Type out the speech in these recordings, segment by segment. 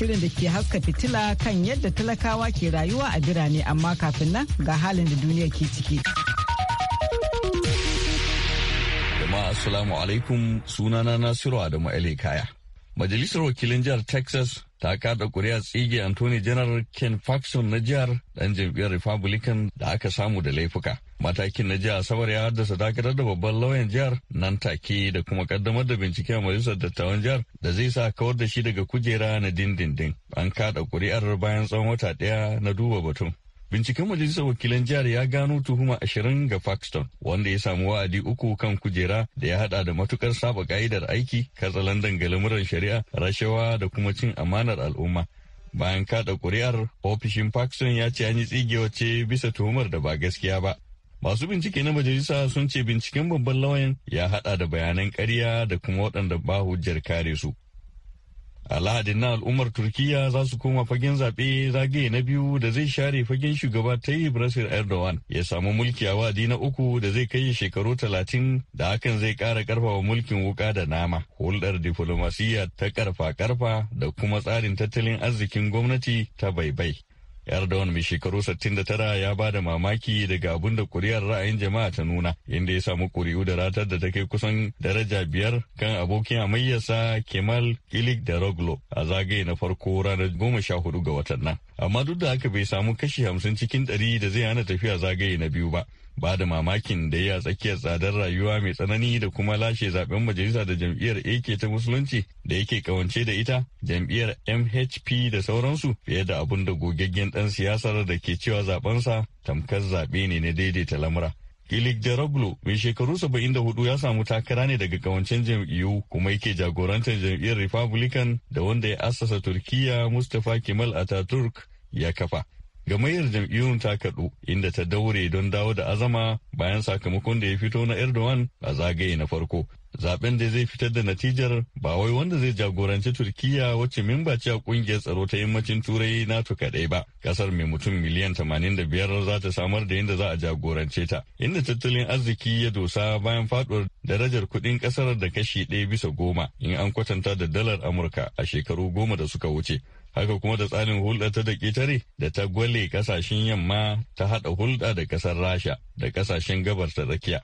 shirin da ke haska fitila kan yadda talakawa ke rayuwa a birane amma kafin nan ga halin da duniya ke ciki. Jama'a Assalamu alaikum sunana Nasiru Adamu Ali Kaya. Majalisar wakilin jihar Texas ta kada kuri'a tsige Anthony General Ken Faxon na jihar dan jam'iyyar Republican da aka samu da laifuka. Matakin na jiya Asabar ya haddasa dakatar da babban lauyan jihar nan take da kuma kaddamar da bincike a majalisar dattawan jihar da zai sa kawar da shi daga kujera na dindindin. An kada kuri'ar bayan tsawon wata ɗaya na duba batun. Binciken majalisar wakilan jihar ya gano tuhuma ashirin ga Paxton wanda ya samu wa'adi uku kan kujera da ya hada da matukar saba ka'idar aiki, katsalandan ga shari'a, rashawa da kuma cin amanar al'umma. Bayan kada kuri'ar, ofishin Paxton ya ce an yi tsigewa ce bisa tuhumar da ba gaskiya ba. Masu bincike na majalisa sun ce binciken babban lauyan ya hada da bayanan ƙarya da kuma waɗanda ba hujjar kare su. A lahadin na al'ummar Turkiyya za su koma fagen zaɓe zagaye na biyu da zai share fagen shugaba ta yi brasil Erdogan ya samu mulki a wadi na uku da zai kai shekaru talatin da hakan zai ƙara ƙarfafa mulkin wuƙa da nama, hulɗar diflomasiyya ta ƙarfa-ƙarfa da kuma tsarin tattalin arzikin gwamnati ta baibai. yar Erdogan mai shekaru 69 ya ba da mamaki daga abin da kuri'ar ra'ayin jama'a ta nuna inda ya samu kuri'u da ratar da ta kai kusan daraja biyar kan abokin amayyarsa Kemal ilik da Roglo a zagaye na farko ranar goma sha hudu ga watan nan. Amma duk da haka bai samu kashi hamsin cikin ɗari da zai hana tafiya zagaye na biyu ba. ba da mamakin da ya tsakiyar tsadar rayuwa mai tsanani da kuma lashe zaben majalisa da jam'iyyar AK ta musulunci da yake kawance da ita jam'iyyar MHP da sauransu fiye da abun da gogaggen dan siyasar da ke cewa zabensa tamkar zaɓe ne na daidaita lamura. Ilik Jaroglu mai shekaru 74 ya samu takara ne daga kawancen jam'iyyu kuma yake jagorantar jam'iyyar Republican da wanda ya assasa Turkiya Mustapha Kemal Ataturk ya kafa. gamayyar jam'iyyun ta kaɗu inda ta daure don dawo da azama bayan sakamakon da ya fito na Erdogan a zagaye na farko. Zaben da zai fitar da natijar ba wai wanda zai jagoranci turkiya wacce mimba ce a kungiyar tsaro ta yammacin Turai NATO kaɗai ba. Kasar mai mutum miliyan tamanin 85 za ta samar da yadda za a jagorance ta, inda tattalin arziki ya dosa bayan faɗuwar darajar kuɗin ƙasar da kashi ɗaya bisa goma in an kwatanta da dalar Amurka a shekaru goma da suka wuce. haka kuma da tsarin hulɗa ta da ƙetare da ta gwale ƙasashen yamma ta haɗa hulɗa da ƙasar rasha da ƙasashen gabar ta tsakiya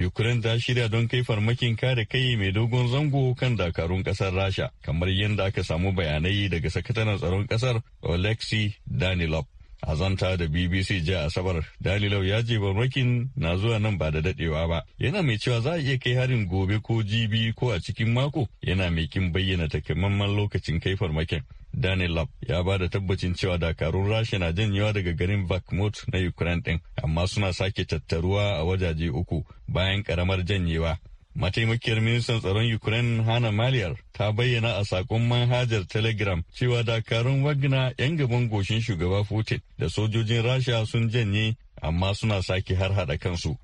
ukraine ta shirya don kai farmakin kare kai mai dogon zango kan dakarun ƙasar rasha kamar yadda aka samu bayanai daga sakataren tsaron ƙasar olexi danilov a zanta da bbc jiya asabar dalilau ya je barmakin na zuwa nan ba da dadewa ba yana mai cewa za a iya kai harin gobe ko jibi ko a cikin mako yana mai kin bayyana takamaiman lokacin kai farmakin Daniel Lab ya ba da tabbacin cewa dakarun Rasha na janyewa daga garin Bakhmut na Ukraine ɗin amma suna sake tattaruwa a wajaje uku bayan karamar janyewa Mataimakiyar ministan tsaron Ukraine Hana Maliyar ta bayyana a sakon manhajar Telegram cewa dakarun Wagner 'yan gaban goshin shugaba Putin da sojojin Rasha sun janye amma suna sake har hada kansu.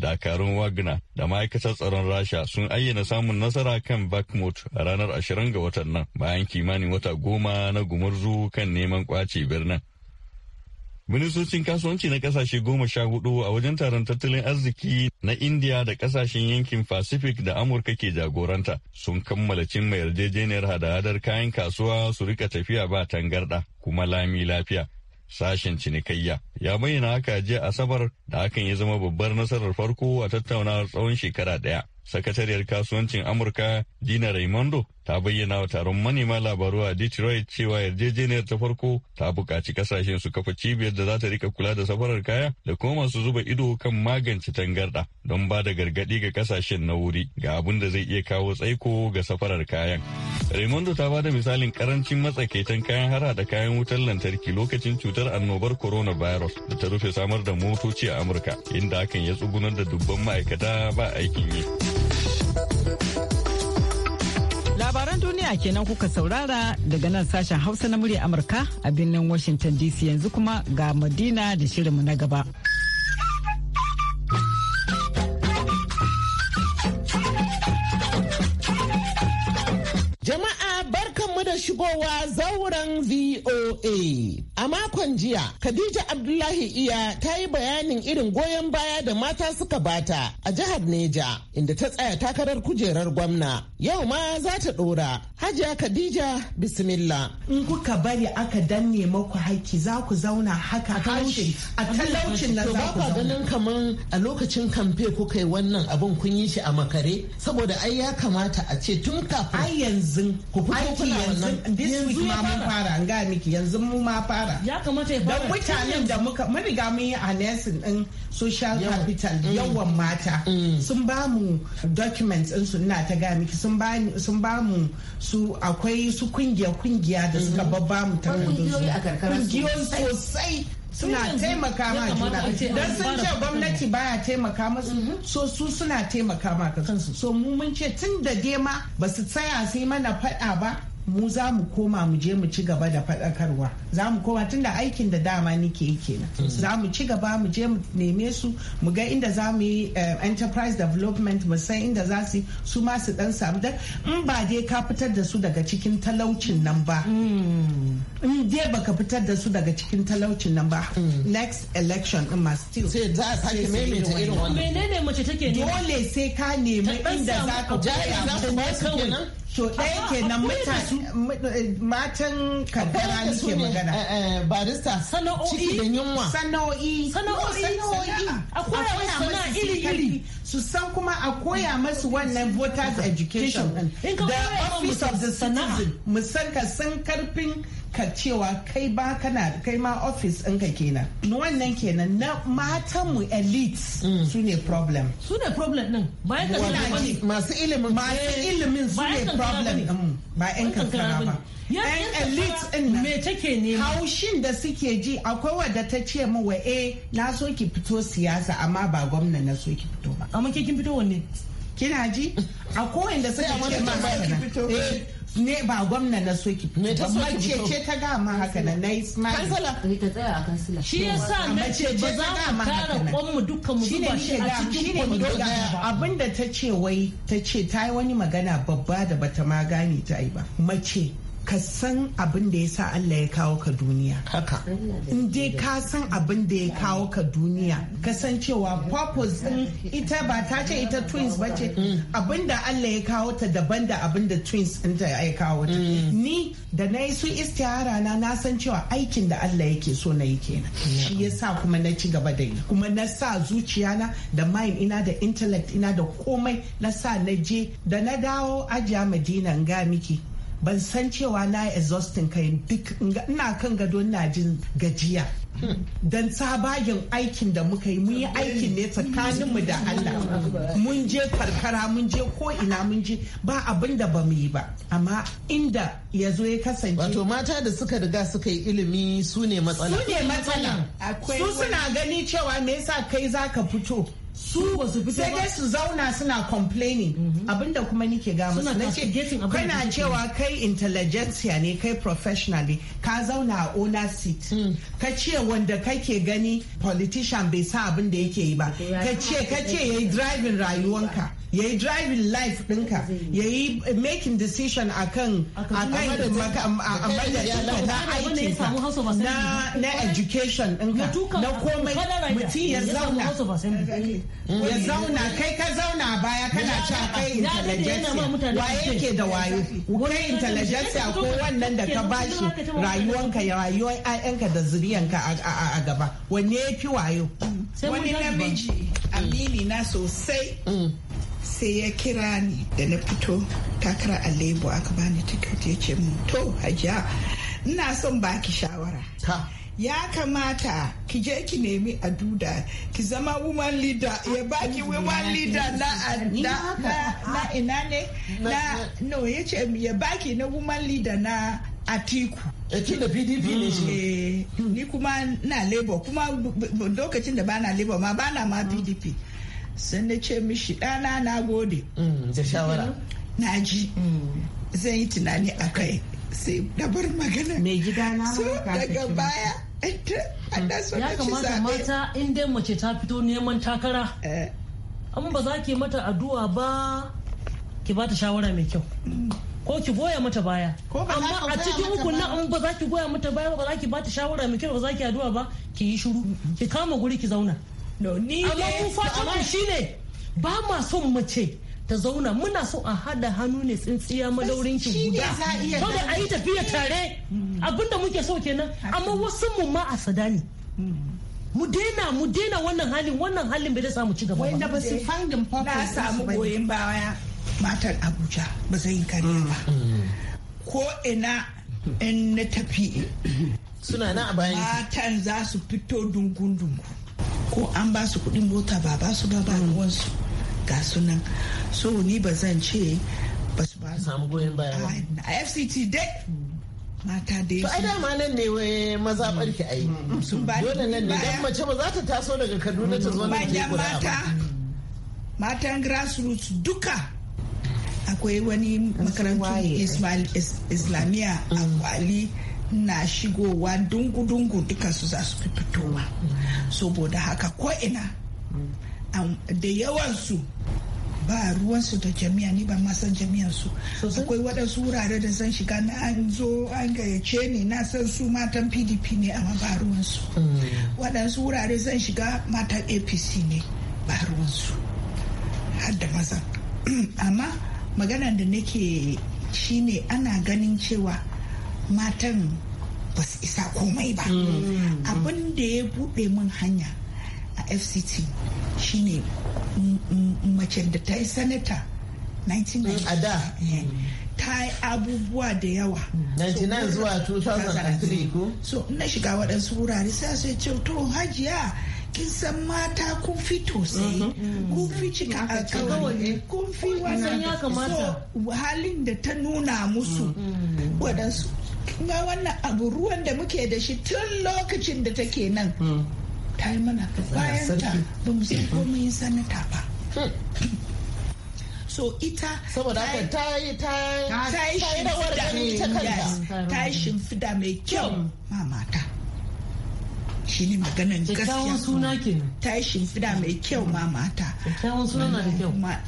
Dakarun Wagner da ma'aikatar tsaron Rasha sun ayyana samun nasara kan Bakhmut a ranar 20 ga watan nan bayan kimanin wata goma na gumurzu kan neman kwace birnin. Ministocin kasuwanci na kasashe goma sha hudu a wajen taron tattalin arziki na India da kasashen yankin Pacific da Amurka ke jagoranta sun kammala cimma yarjejeniyar hada-hadar kayan kasuwa su rika tafiya ba tangarda kuma lami lafiya. Sashen cinikayya ya bayyana haka jiya Asabar da hakan ya zama babbar nasarar farko a tattaunawar tsawon shekara ɗaya. Sakatariyar kasuwancin Amurka Gina Raimondo ta bayyana wa taron manema labaru a Detroit cewa yarjejeniyar ta farko ta buƙaci kasashen su kafa cibiyar da za ta rika kula da safarar kaya da kuma masu zuba ido kan magance tangarɗa don ba da gargaɗi ga kasashen na wuri ga abin da zai iya kawo tsaiko ga safarar kayan. Raimondo ta ba da misalin karancin matsakaitan kayan hara da kayan wutar lantarki lokacin cutar annobar coronavirus da ta rufe samar da motoci a Amurka inda hakan ya tsugunar da dubban ma'aikata ba aikin yi. Labaran duniya kenan kuka saurara daga nan sashen Hausa na murya Amurka a birnin Washington DC yanzu kuma ga Madina da shirinmu na gaba. shigowa zauren VOA. A makon jiya, Khadija Abdullahi Iya ta yi bayanin irin goyon baya da mata suka bata a jihar Neja, inda ta tsaya takarar kujerar gwamna. Yau ma za ta ɗora. Hajiya Khadija Bismillah. In kuka bari aka danne maku haiki za ku zauna haka a talaucin na za ku ganin a lokacin kamfe kuka yi wannan abin kun yi shi a makare saboda ai ya kamata a ce tun kafin. Ai yanzu ku fito kuna wannan yanzu ma mun fara an ga miki yanzu mu ma fara ya kamata ya fara Don mutanen da muka mun riga mun yi analysis din social capital mm. yawan mata mm. sun ba mu documents din su ina ta ga miki sun ba sun ba mu su akwai su kungiya kungiya da suka mm. babba mu ta kungiyoyi sosai suna taimaka ma juna don sun ce gwamnati baya taimaka masu mm-hmm. so su suna taimaka ma kansu so mu mun ce tun da dema ba su tsaya su yi mana faɗa ba mu za mu koma mu je mu ci gaba da faɗakarwa za mu koma tun da aikin da dama nike yi kenan hmm. za mu ci gaba mu je mu neme su mu ga inda za mu yi eh, enterprise development mu san inda za su su ma su dan samu da in ba dai ka fitar da su daga cikin talaucin nan ba hmm. in dai baka fitar da su daga cikin talaucin nan ba hmm. next election in ma still sai za a sake maimaita irin wannan menene mace take ne dole sai ka nemi inda za ka koya To ɗaya nan eh, matan kaddara nake magana. Eh, eh, barista sana'o'i da yunwa. Sana'o'i. Sana'o'i. A koya iri-iri. Su san kuma a koya masu wannan voters education. Da office of the citizen. musanka ka san karfin ka cewa kai ba kana kai ma office ɗinka kenan wannan kenan na mu elites mm. su ne problem su ne problem din bayan ka suna masu ilimin masu ilimin su ne problem din ba yan kankara ba yan elite din me take ne haushin da suke ji akwai wadda ta ce min wa eh na so ki fito siyasa amma ba gwamna na so ki fito ba amma ke kin fito wanne kina ji a kowanne da suka ce ma fito. Eh. ne ba gwamna na so ki fito ba mace ce ta ga ma haka na nayi smile kansala ni ta tsaya kansala shi yasa na ce ba za mu tara kwan mu dukkan mu zuba shi a cikin kwando abinda ta ce wai ta ce ta yi wani magana babba da bata ma gane ta yi ba mace ka san abin da ya sa Allah ya kawo ka duniya. Haka. In dai ka san abin da ya kawo ka duniya, ka san cewa purpose din ita ba ta ce ita twins ba ce mm. abin da Allah ya kawo ta daban da abin da twins din ta ya kawo ta. Mm. Ni da na yi su istihara na na san cewa aikin da Allah yake so na yi kenan. Shi ya sa kuma na ci gaba da yi. Kuma na sa zuciya na da mind ina da intellect ina da komai na sa na je da na dawo ajiya Madina ga miki ban san cewa na exhausting kai duk ina kan gado ina jin gajiya don sabagin aikin da muka yi mun yi aikin ne tsakaninmu da Allah mun je karkara mun je ko ina mun je ba abin da ba mu yi ba amma inda ya zo ya kasance wato mata da suka riga suka yi ilimi su ne matsala su ne matsala su suna gani cewa me yasa kai zaka fito su sai dai su zauna suna complaining mhm. abinda kuma nike ga musu ce kana cewa kai intelligentsia ne kai professionally ka zauna a owner seat mm. ka ce wanda kake gani politician bai sa abin da yake yi ba ka ce ka ce yayi driving rayuwanka ya yi driving life ɗinka ya yi making decision a kan na na education ɗinka na komai mutum ya zauna ya zauna kai ka zauna baya kana cewa kai intelligence waye yake da wayo kai intelligence ko wannan da ka bashi rayuwanka ya rayuwar 'ya'yanka da zuriyanka a gaba wanne ya fi wayo mm. wani namiji amini na sosai mm. sai ya kira ni da na fito takara a lebo aka bani tiket ya ce mun to hajiya ina son baki shawara ya kamata ki je ki nemi a duda ki zama woman leader ya baki woman leader na na, na ina ne na no ya ce ya baki na woman leader na atiku Ekin eh, da pdp ne shi mm. eh, ni kuma na labour kuma lokacin da ba na labour ma ba na ma pdp sai na ce mishi ɗana na gode mm, shawara na ji mm. zan yi tunani a kai sai dabar magana mai gida na daga baya mm. ya kamata mata in dai mace ta fito neman takara an eh. ba za ke mata addu'a ba ki ba ta shawara mai kyau ko ki goya mata baya amma a cikin hukun nan an ba za ki goya mata baya ba za ki ba ta shawara mai kyau ba za ki addu'a ba ki yi shiru ki kama guri ki zauna ni ba ma son mace ta zauna muna so a hada hannu ne tsintsiya madaurin ki guda to da ayi tafiya tare mm. abinda muke so kenan amma wasu mu ma a sadani mm. mu daina mu daina wannan halin wannan halin bai da samu ci gaba ba wanda ba su fangin purpose samu goyen baya matar Abuja ba zai kariya ba mm. ko ina in na tafi suna na a bayan matan za su fito dungun dungun ko an ba su kuɗin mota ba ba su ba ba mm. wansu ga sunan so ni ba zan ce ba su ba samu goyon baya a fct dai mata da yake. To ma nan ne wai maza barki Ayi. yi. Dole nan ne dan mace ba za ta taso daga Kaduna ta zo nan ke kula ba. Matan grassroots duka akwai wani makarantun Islamiyya a mm. Kwali na shigowa dungu-dungu dukansu za su fi fitowa saboda haka ko'ina da yawansu ba ruwansu da jami'a ba masan jami'a su akwai waɗansu wurare da zan shiga na an zo an gayyace ni na san su matan pdp ne amma ba ruwansu hmm. waɗansu wurare zan shiga matan apc ne ba ruwansu har da maza amma maganan da nake shine ana ganin cewa matan ba su isa komai ba mm. abin da ya buɗe min hanya a fct shine mace da ta yi sanata 1990 ta yi abubuwa da yawa 99 zuwa 2003 so na shiga waɗansu wurare sai sai ce to hajiya kin san mata kun fito sai mm-hmm. mm. kun fi cika kawai kun fi wannan halin da ta nuna musu mm-hmm. waɗansu ga wannan abu ruwan da muke da shi tun lokacin da take nan hmm. ta yi mana bayanta ba mu san hmm. komai sanata ba hmm. so ita saboda ta yi ta yi ta yi ta yi ta yi ta ne maganan gaskiya suna ta yi shimfida mai kyau ma mata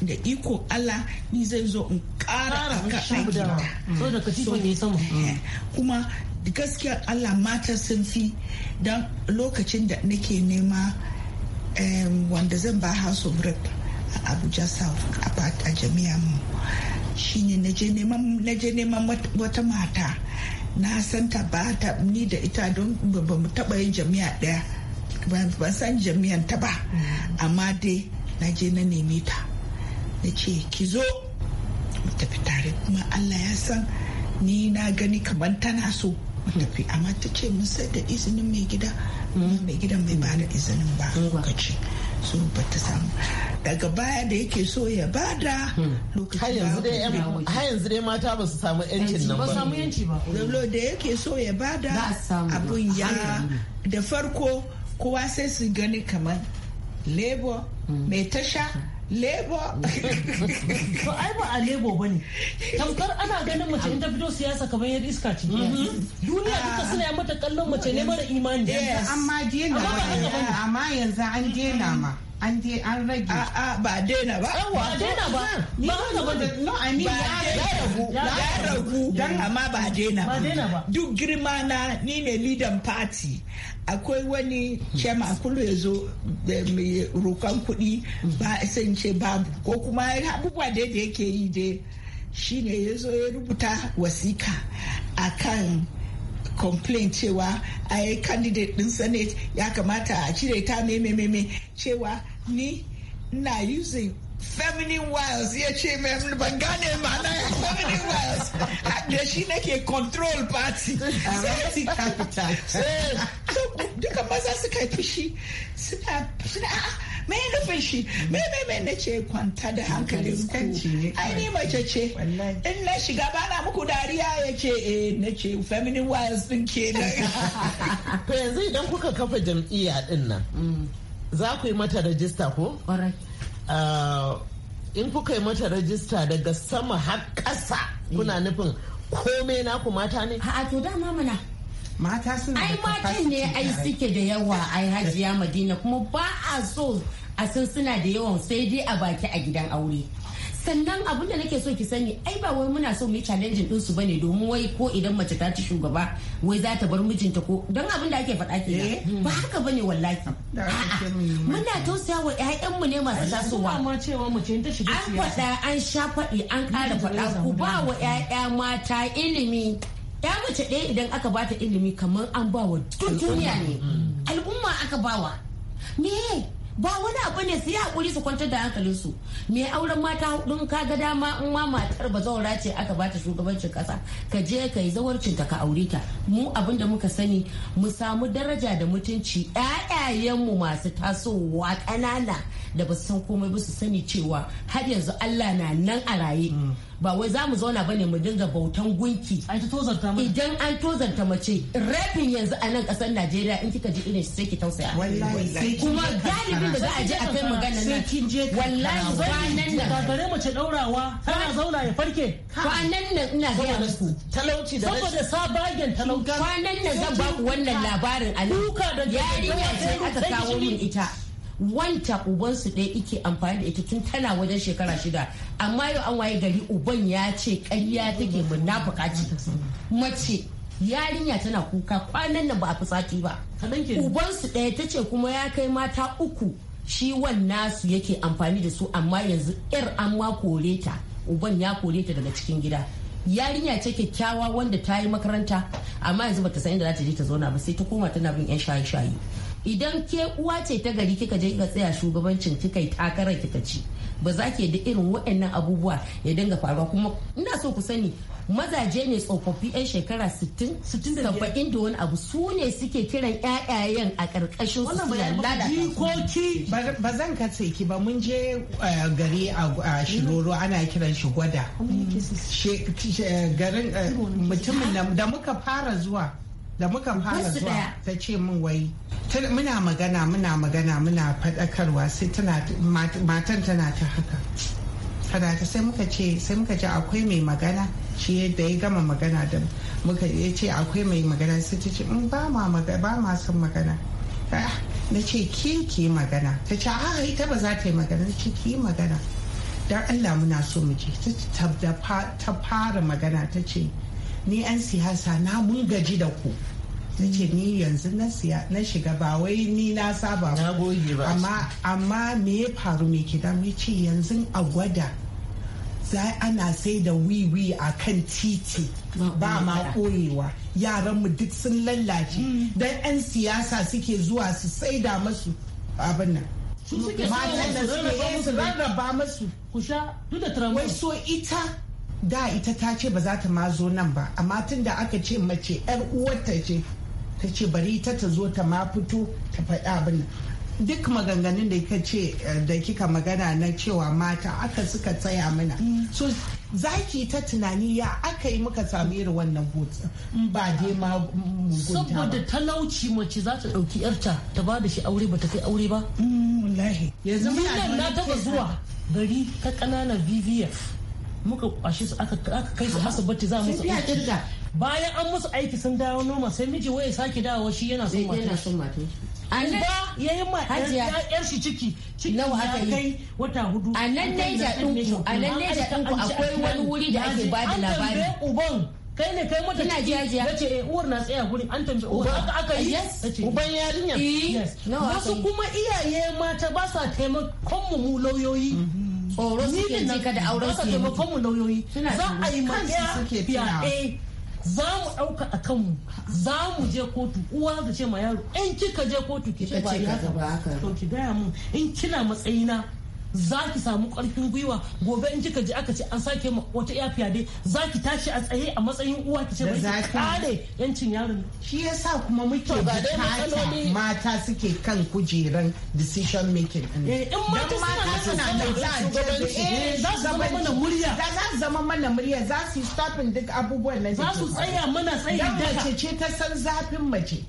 da iko Allah ni zai zo in ƙara a aikita eh, kuma gaskiya Allah mata sun fi don lokacin da nake nema wanda zan ba house of rep a abuja south a jami'a mu Shin na je neman wata mata na san ta ba ta ni da ita don ba mu taba yin jami'a daya ban san jami'an ta ba mm. amma dai na je na neme ta na ce ki zo mu tafi tare kuma Allah ya san ni na gani kamar tana so mu mm. tafi amma ta ce mun sai da izinin mai gida mm. mai gidan mai ba da izinin ba lokaci so ba ta samu daga baya da yake so ya bada hmm. lokacin yanzu dai mata ba su samu yancin nan ba samu yanci ba da yake so ya bada abun ya da farko kowa sai su gani kamar labor hmm. mai tasha hmm. lebo ai ba a lebo ba ne tamkar ana ganin mace in ta fito siyasa kamar yadda iska ce mm-hmm. duniya duka suna yi mata kallon mace ne mara imani amma dena amma yanzu an dena ma an an rage a ba daina ba ba ba haka ba no i mean ya ragu ya ragu dan amma ba daina ba duk girma na ni ne leader party akwai wani chairman kullu ya zo rokon kuɗi ba sai ce babu ko kuma abubuwa da yake yi dai shine ya zo ya rubuta wasika akan complain cewa a candidate din senate ya kamata a cire ta me me cewa ni na using feminine wiles ya ce mai ban gane ma'ana ya feminine wiles da shi nake control party party capital eh, duka maza suka fi shi suna suna ah, mai nufin shi mai mai mai na ce kwanta da hankali kanci ai ni mace ce in na shiga ba na muku dariya ya ce eh na ce feminine wiles din ke kenan to yanzu idan kuka kafa jam'iyya din nan mm. za ku yi mata rajista ko? Uh, in kuka yi mata rajista daga sama har ƙasa kuna eh. nufin komai na ku mata ne? A to dama mana. Mata suna Ai matan ne ai suke da yawa ai hajiya Madina kuma ba a so a san suna da yawan sai dai a baki a gidan aure. sannan abin da nake so ki sani ai ba wai muna so mu yi din su bane domin wai ko idan mace ta ci shugaba wai za ta bar mijinta ko don abin da ake faɗa ke eh. ba haka bane wallahi muna tausaya wa mu ne masu tasowa an faɗa an sha faɗi an ƙara faɗa ku ba wa ƴaƴa mata ilimi ya mace ɗaya idan aka bata ilimi kamar an bawa duk duniya ne mm. al'umma aka bawa me ba wani abu ne su yi hakuri su kwantar da hankalin su me auren mata hudu ka ga dama in ma matar ba zaura ce aka bata shugabancin kasa ka je ka yi zawarcin ta ka aure ta mu abin da muka sani mu samu daraja da mutunci mu masu tasowa ƙanana da ba su san komai ba su sani cewa har yanzu Allah na nan a raye mm. ba wai za mu zauna bane mu dinga bautan gunki idan an tozarta mace rafin yanzu a nan kasar Najeriya in kika ji irin sai ki tausaya kuma galibin da za a je a kai magana je wallahi kwanan nan ka gare mace daurawa tana zauna ya farke kwanan nan ina ga musu talauci da saboda sabagen talauci kwanan nan zan ba ku wannan labarin a nan yarinya ce aka kawo min ita wanta ubansu ɗaya ike amfani da ita tun tana wajen shekara shida amma yau an waye gari uban ya ce ƙarya take munafuka ce mace yarinya tana kuka kwanan nan ba a fusati ba ubansu ɗaya ta ce kuma ya kai mata uku shi wannan su yake amfani da su amma yanzu yar an ma kore ta uban ya kore ta daga cikin gida yarinya ce kyakkyawa wanda ta yi makaranta amma yanzu bata san inda za ta je ta zauna ba sai ta koma tana bin yan shaye-shaye idan ke uwa ce ta gari kika je kika tsaya shugabancin kika yi takarar kika ci ba za ke da irin waɗannan abubuwa ya dinga faruwa kuma ina so ku sani mazaje ne tsofaffi 'yan shekara 60 70 da wani abu su ne suke kiran 'ya'yayen a ƙarƙashin su lalata jikoki ba zan katse ki ba mun je eh, gari a shiroro ana kiran shi gwada eh, garin eh, mutumin da muka fara zuwa da muka fara zuwa ta ce min wai muna magana muna magana muna faɗakarwa sai matan tana ta haka kada ta sai muka ce sai muka ce akwai mai magana shi yadda ya gama magana da muka ya ce akwai mai magana sai ta ce in mm, ba ma ba ma son magana ah, na ce ki ki magana ta ce a ita ba za ta yi magana na ce ki magana dan Allah muna so mu ta fara magana ta ce ni 'yan siyasa na mun gaji da ku ta ce ni yanzu na shiga ba wai ni na saba ba. amma me ya faru me ke mai ce yanzu a gwada za ana sai da wiwi a kan titi ba ma koyewa yaranmu duk sun lallace mm. don 'yan siyasa suke zuwa su saida masu abin nan matan da suke rarraba masu kusa duk da wai so ita da ita ta ce ba za ta ma zo nan ba amma tun da aka ce mace yar uwarta ce ta ce bari ta ta zo ta ma fito ta faɗi abin duk maganganun da kika ce eh, da kika magana na cewa mata aka suka tsaya mana so zaki ta tunani ya aka yi muka sami irin wannan hutun ba dai ma saboda talauci mace za ta dauki yarta ta ba da shi aure ba ta kai aure ba mm, wallahi yanzu muna na ta zuwa gari ta kananan vvf muka kwashe su aka kai su bacci za musu aiki bayan an musu aiki sun dawo noma sai miji waya sake dawo shi yana son matan ba ya yi ma yar shi ciki ciki ya kai wata hudu. A nan Neja ɗinku a nan Neja ku akwai wani wuri da ake ba da labari. An uban kai ne kai mata ciki ya ce eh uwar na tsaya guri an tambaye uwar aka aka yi uban yarinya. Wasu kuma iyaye mata ba sa taimakon mu lauyoyi. Mhm. tsoro suke ji kada auren su yi mutu mu nauyoyi za a yi ma fyaɗe za mu ɗauka a kanmu za mu je kotu uwa ta ce ma yaro in kika je kotu ki ce ba haka to ki gaya mun in kina matsayina za ki samu ƙarfin gwiwa gobe in kika ji aka ce an sake wata iya dai za ki tashi a tsaye a matsayin uwa ki ce ba ki kare yancin yaron shi yasa kuma muke bukata mata suke kan kujeran decision making eh, in mata suna nan za su zama mana murya za su zama mana murya za su stopping duk abubuwan nan za su tsaya mana tsayi da ce ta san zafin mace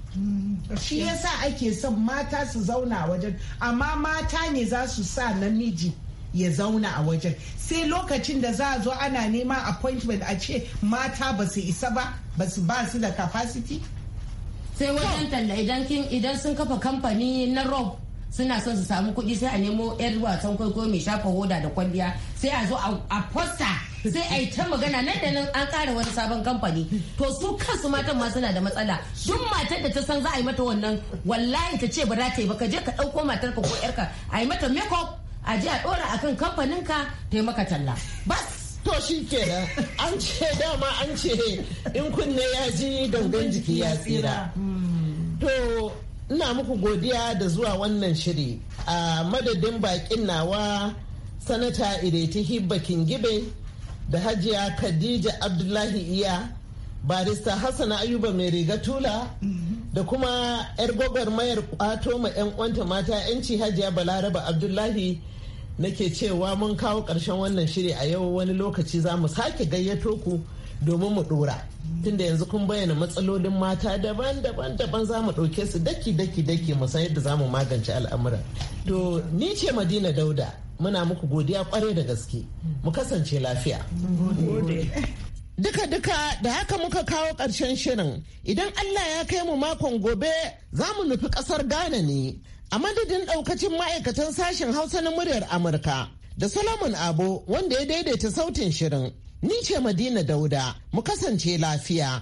shi yasa ake son mata su zauna a wajen amma mata ne za su sa namiji ya zauna a wajen sai lokacin da za a zo ana nema appointment a ce mata ba su isa ba ba su ba su da capacity sai wajen talla idan idan sun kafa kamfani na rob suna son su samu kuɗi sai a nemo yar wasan kwaikwayo mai shafa hoda da kwalliya sai a zo a posta Zai a yi ta magana nan da nan an ƙara wani sabon kamfani to su kansu matan ma suna da matsala duk matar da ta san za a yi mata wannan wallahi ta ce ba za ta yi ba ka je ka ɗauko matar ka ko yarka a yi mata makeup a je a ɗora akan kamfanin ka ta yi maka talla bas to shi ke an ce dama an ce in kunne ya ji gangan jiki ya tsira to ina muku godiya da zuwa wannan shiri a madadin bakin nawa sanata ireti hibba kingibe da hajiya khadija abdullahi iya barista hassana ayuba mai riga tula da kuma 'yar gwagwarmayar kwato ma 'yan kwanta mata 'yanci hajiya balaraba abdullahi nake cewa mun kawo ƙarshen wannan shiri a yau wani lokaci za mu sake gayyato ku domin mu dora tunda yanzu kun bayyana matsalolin mata daban-daban daban za mu ɗauke su daki-daki-daki mu san yadda za mu magance al'amuran to ni ce madina dauda muna muku godiya kwarai da gaske mu kasance lafiya Duka-duka da haka muka kawo ƙarshen shirin idan Allah ya kai mu makon gobe za mu nufi ƙasar Ghana ne a madadin ɗaukacin ma'aikatan sashen Hausa na muryar Amurka da Solomon Abo wanda ya daidaita sautin shirin. Ni ce Madina Dauda, mu kasance lafiya.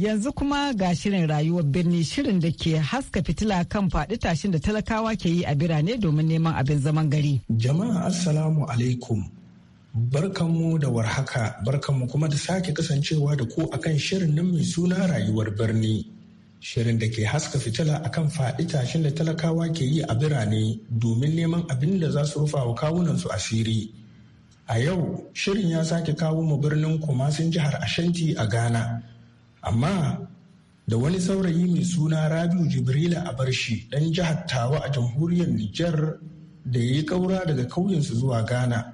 Yanzu kuma ga shirin rayuwar birni shirin da ke haska fitila kan faɗi tashin da talakawa ke yi a birane domin neman abin zaman gari. Jama'a Assalamu alaikum. Barkanmu da warhaka, barkanmu kuma da sake kasancewa da ku akan shirin nan mai suna rayuwar birni. Shirin da ke haska fitila akan faɗi tashin da talakawa ke yi a birane domin neman abin da za su rufa wa kawunansu asiri. A yau, shirin ya sake kawo mu birnin Kumasin jihar Ashanti a Ghana. amma da wani saurayi mai suna rabiu jibrila a barshi ɗan jihar tawa a jamhuriyar nijar da ya yi ƙaura daga ƙauyensu zuwa ghana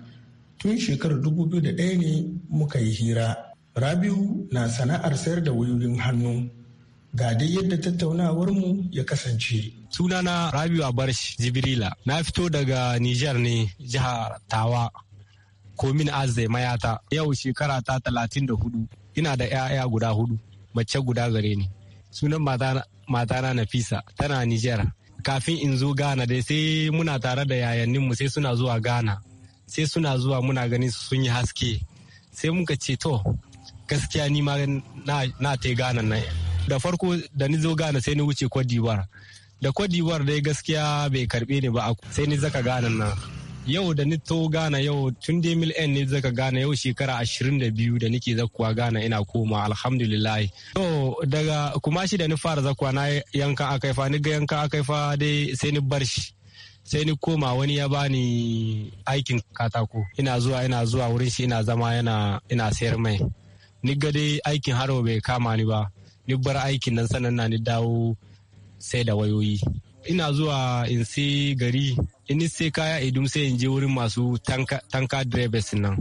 tun shekarar 2001 ne muka yi hira rabiu na sana'ar sayar da wayoyin hannu ga dai yadda tattaunawarmu ya kasance. Sunana Rabiu a barshi, Jibrila, na fito daga Nijar ne jihar Tawa, komin Azai Mayata, yau shekara ta talatin da hudu, ina da 'ya'ya guda hudu. mace guda gare ni sunan matana nafisa tana nijar kafin in zo ghana dai sai muna tare da yayanninmu sai suna zuwa ghana sai suna zuwa muna ganin su sun yi haske sai muka ce to gaskiya ni ma na ta ghana nan da farko da ni zo ghana sai ni wuce kwadiwar da kwadiwar dai gaskiya bai karbe ni ba sai ni zaka ghana nan yau da ni to gana yau tun da mil ne zaka gana yau shekara ashirin da biyu da nake zakuwa gana ina koma alhamdulillah to daga kuma shi da ni fara zakuwa na yanka akaifa ni ga yanka akaifa dai sai ni bar shi sai ni koma wani ya bani aikin katako ina zuwa ina zuwa wurin shi ina zama yana ina sayar mai ni ga dai aikin haro bai kama ni ba ni bar aikin nan sanan na ni dawo sai da wayoyi ina zuwa in sai gari in sai kaya idum sai in je wurin masu tanka, drivers nan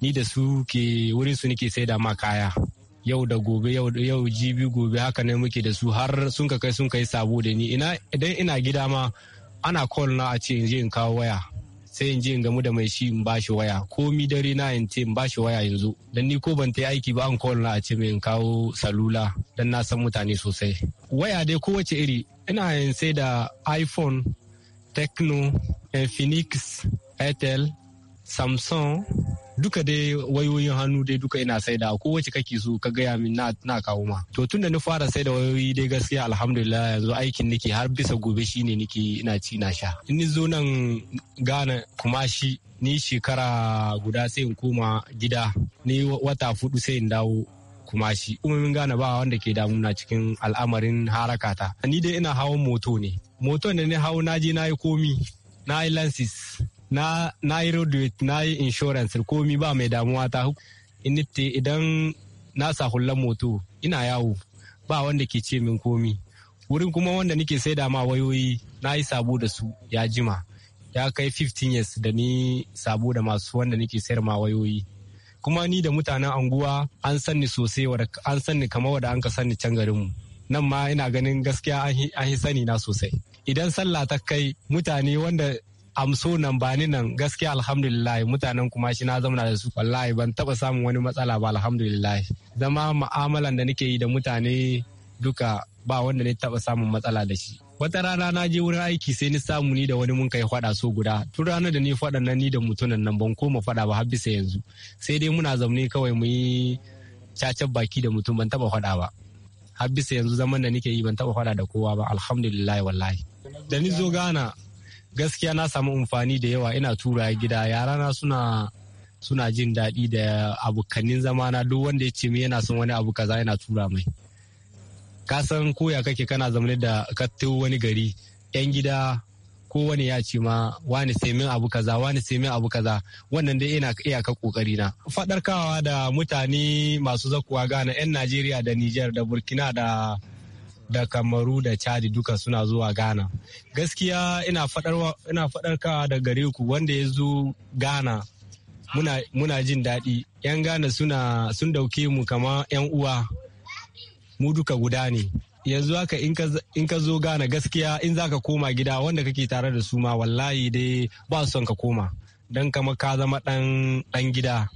ni da su ke wurin su nake sai da ma kaya yau da gobe yau jibi gobe haka ne muke da su har sun ka kai sun kai sabo da ni ina idan ina gida ma ana call na a ce in je in kawo waya sai in je in gamu da mai shi in bashi waya ko mi dare na in ce in bashi waya yanzu dan ni ko ban ta aiki ba an call na a ce mai in kawo salula dan na san mutane sosai waya dai kowace iri ina yin sai da iphone techno eh, phoenix airtel samsung duka dai wayoyin hannu dai duka ina saida ko wace kake so ka gaya min na, kawo ma to tunda ni fara saida wayoyi dai gaskiya alhamdulillah yanzu aikin nake har bisa gobe shine nake ina ci na sha in ni zo nan gana kuma shi ni shekara guda sai in koma gida ni wata fudu sai in dawo kuma shi umumin gane ba wanda ke damuna cikin al'amarin harakata ni dai ina hawan moto ne moton da ni hau na je na yi komi na yi lansis na yi roadweight na yi insurance komi ba mai damuwa ta inite idan na sa hullan moto ina yawo ba wanda ke ce min komi wurin kuma wanda nake saida ma wayoyi na yi sabo da su ya jima ya kai 15 years da ni sabo da masu wanda nake sayar ma wayoyi kuma ni da mutanen anguwa an sanni sosai an sanni kamar wadda an ka sanni can garinmu nan ma ina ganin gaskiya an yi sani na sosai idan sallah ta kai mutane wanda amso nan ba ni nan gaskiya alhamdulillah mutanen kuma shi na zama da su wallahi ban taba samun wani matsala ba alhamdulillah zama ma'amalan da nake yi da mutane duka ba wanda ne taba samun matsala da shi wata rana na je wurin aiki sai ni samu ni da wani mun kai faɗa so guda tun rana da ni fada nan ni da mutunan nan ban koma faɗa ba har yanzu sai dai muna zaune kawai mu yi cacen baki da mutum ban taba faɗa ba har yanzu zaman da nake yi ban taba faɗa da kowa ba alhamdulillah wallahi da ni zo gana gaskiya na samu amfani da yawa ina tura gida yara na suna suna jin daɗi da zama na duk wanda ya ce min yana son wani abu kaza yana tura mai ka san koya kake kana zamanin da ka wani gari yan gida ko wani ya ce ma wani semin abu kaza wani semin abu kaza wannan dai ina iyaka kokari na fadarkawa da mutane masu zakuwa gana yan Najeriya da Niger da Burkina da da kamaru da chadi duka suna zuwa ghana gaskiya ina faɗarkawa da gare ku wanda ya zo ghana muna, jin daɗi yan ghana sun dauke mu kama yan uwa mu duka guda ne yanzu haka in ka zo gane gaskiya in za ka koma gida wanda kake tare da su ma wallahi dai ba su son ka koma don kama ka zama dan gida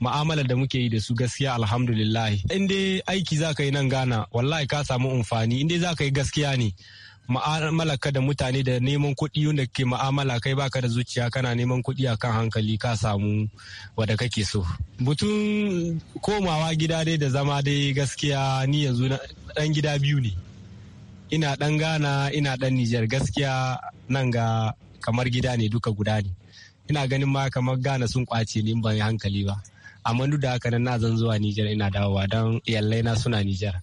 ma'amalar da muke yi da su gaskiya alhamdulillah in dai aiki za ka yi nan gana wallahi ka samu amfani in dai za ka yi gaskiya ne ka da mutane da neman kuɗi wanda ke ma'amala kai baka da zuciya kana neman kuɗi a kan hankali ka samu wadda kake so butun komawa gida dai da zama dai gaskiya ni yanzu dan gida biyu ne ina dan ghana ina ɗan nijar gaskiya nan ga kamar gida ne duka guda ne ina ganin ma kamar ghana sun kwace ni ban hankali ba amma duk da haka nan na zan zuwa nijar ina dawowa don iyalai na suna nijar.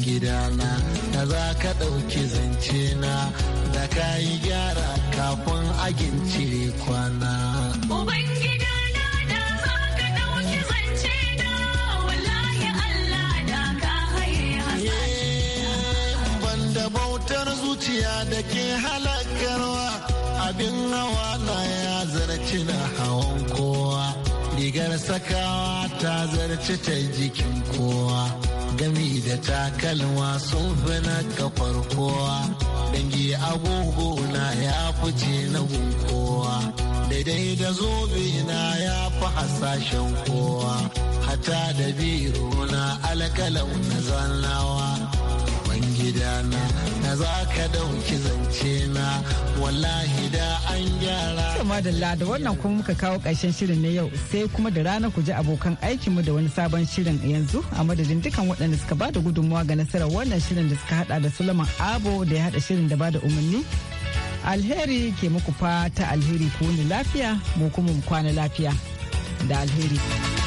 gidana da za ka ɗauki zance na da ka yi gyara kafin agin cire kwana. bautar zuciya da ke halakarwa abin hawa na ya zarci na hawan kowa rigar sakawa ta zarci ta jikin kowa gami da takalma sun fi na kafar kowa dangi agogo na ya fice na kowa daidai da zobe na ya fi hasashen kowa hata da biro na alkalau na zannawa ban gidana na za ka dauki zance na wallahi da an gyara. Sama da da wannan kuma muka kawo ƙarshen shirin na yau sai kuma da rana ku ji abokan aikinmu da wani sabon shirin yanzu a madadin dukan waɗanda suka ba da gudunmawa ga nasarar wannan shirin da suka haɗa da Suleiman Abo da ya haɗa shirin da ba da umarni. Alheri ke muku fata alheri ku wani lafiya mu kuma mu kwana lafiya da alheri.